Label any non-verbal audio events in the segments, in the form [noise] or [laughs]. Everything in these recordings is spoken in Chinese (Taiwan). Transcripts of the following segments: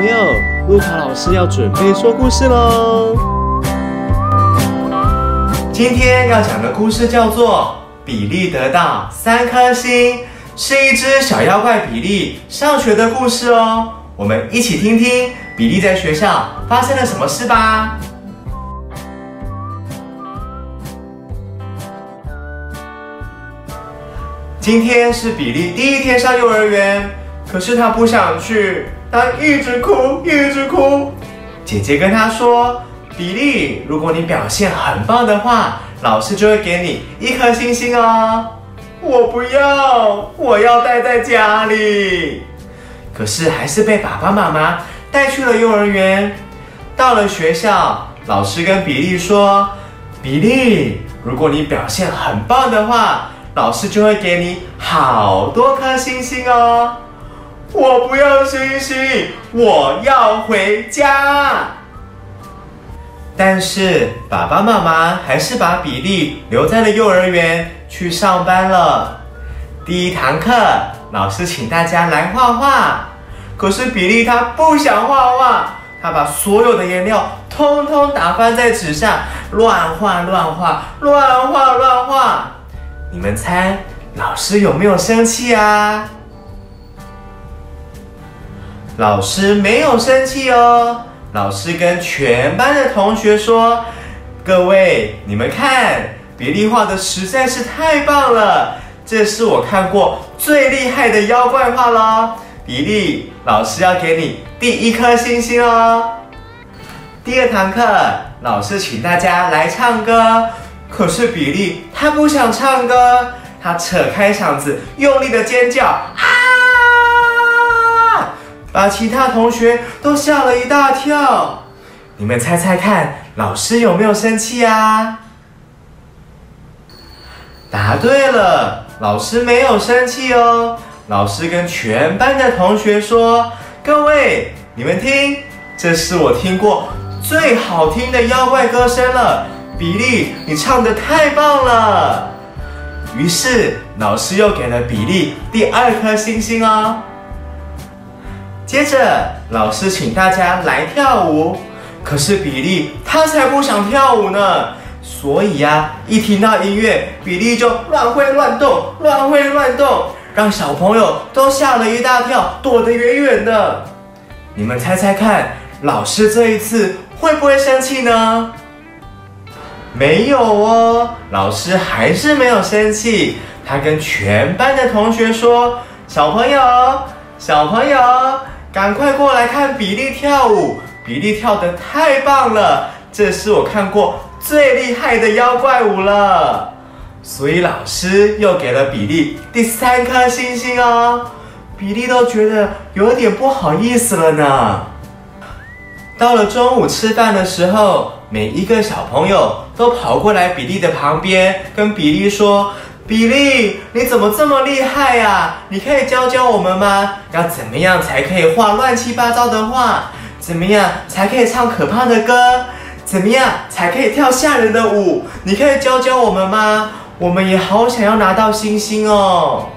朋友，露卡老師要準備說故事嘍。今天要講的故事叫做《比利得到三顆星》，是一隻小妖怪比利上學的故事哦。我們一起聽聽比利在學校發生了什麼事吧。今天是比利第一天上幼兒園，可是他不想去。他一直哭，一直哭。姐姐跟他說：“比利，如果你表現很棒的話，老師就會給你一顆星星哦。”我不要，我要待在家裡。可是還是被爸爸媽媽帶去了幼兒園。到了學校，老師跟比利說：“比利，如果你表現很棒的話，老師就會給你好多顆星星哦。”我不要星星，我要回家。但是爸爸媽媽還是把比利留在了幼兒園去上班了。第一堂課，老師請大家來畫畫，可是比利他不想畫畫，他把所有的顏料通通打翻在紙上，亂畫亂畫亂畫亂畫。你們猜老師有沒有生氣啊？老師沒有生氣哦，老師跟全班的同學說：“各位，你們看，比利畫的實在是太棒了，這是我看過最厲害的妖怪畫咯。”比利，老師要給你第一顆星星哦。第二堂課，老師請大家來唱歌，可是比利他不想唱歌，他扯開嗓子用力的尖叫。啊把其他同學都嚇了一大跳，你們猜猜看，老師有沒有生氣啊？答對了，老師沒有生氣哦。老師跟全班的同學說：“各位，你們聽，這是我聽過最好聽的妖怪歌聲了。”比利，你唱得太棒了。於是老師又給了比利第二顆星星哦。接着，老師請大家來跳舞，可是比利他才不想跳舞呢。所以呀，一聽到音樂，比利就亂揮亂動，亂揮亂動，讓小朋友都嚇了一大跳，躲得遠遠的。你們猜猜看，老師這一次會不會生氣呢？沒有哦，老師還是沒有生氣。他跟全班的同學說：“小朋友，小朋友。”趕快過來看比利跳舞，比利跳得太棒了，這是我看過最厲害的妖怪舞了。所以老師又給了比利第三顆星星哦，比利都覺得有點不好意思了呢。到了中午吃飯的時候，每一個小朋友都跑過來比利的旁邊，跟比利說。比利，你怎麼這麼厲害呀？你可以教教我們嗎？要怎麼樣才可以畫亂七八糟的畫？怎麼樣才可以唱可怕的歌？怎麼樣才可以跳嚇人的舞？你可以教教我們嗎？我們也好想要拿到星星哦。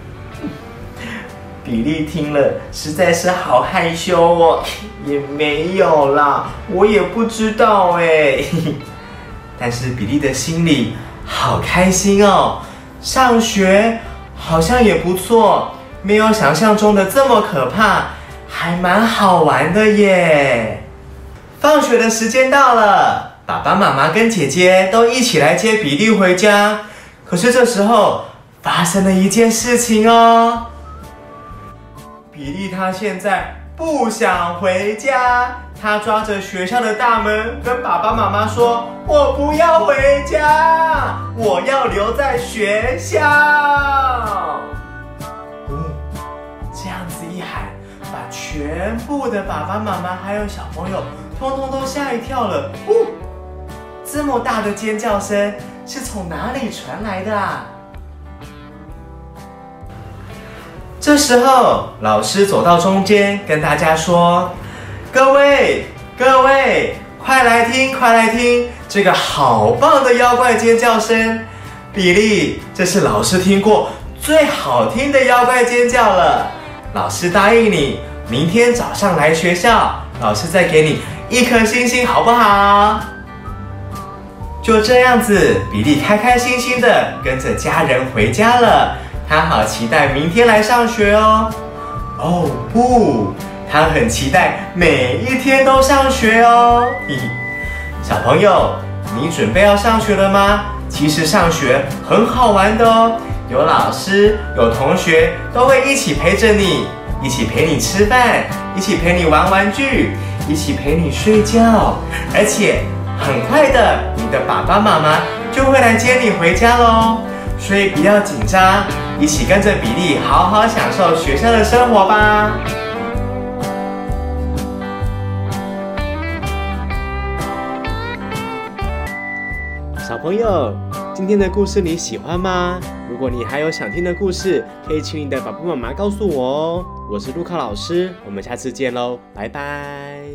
[laughs] 比利聽了，實在是好害羞哦，也沒有啦，我也不知道哎。 [laughs] 但是比利的心裡。好開心哦，上學好像也不錯，沒有想象中的這麼可怕，還蠻好玩的耶。放學的時間到了，爸爸媽媽跟姐姐都一起來接比利回家。可是這時候發生了一件事情哦，比利他現在不想回家。他抓着學校的大門，跟爸爸媽媽說：“我不要回家，我要留在學校。”嗯，這樣子一喊，把全部的爸爸媽媽還有小朋友，通通都嚇一跳了。嗚、嗯，這麼大的尖叫聲是從哪裡傳來的啊？這時候，老師走到中間，跟大家說。各位，各位，快來聽，快來聽這個好棒的妖怪尖叫聲！比利，這是老師聽過最好聽的妖怪尖叫了。老師答應你，明天早上來學校，老師再給你一顆星星，好不好？就這樣子，比利開開心心的跟着家人回家了。他好期待明天來上學哦。哦，不！他很期待每一天都上學哦，小朋友，你準備要上學了嗎？其實上學很好玩的哦，有老師，有同學，都會一起陪着你，一起陪你吃飯，一起陪你玩玩具，一起陪你睡覺，而且很快的，你的爸爸媽媽就會來接你回家嘍。所以不要緊張，一起跟着比利好好享受學校的生活吧。朋友，今天的故事你喜歡嗎？如果你還有想聽的故事，可以請你的爸爸媽媽告訴我哦。我是陸克老師，我們下次見嘍，拜拜。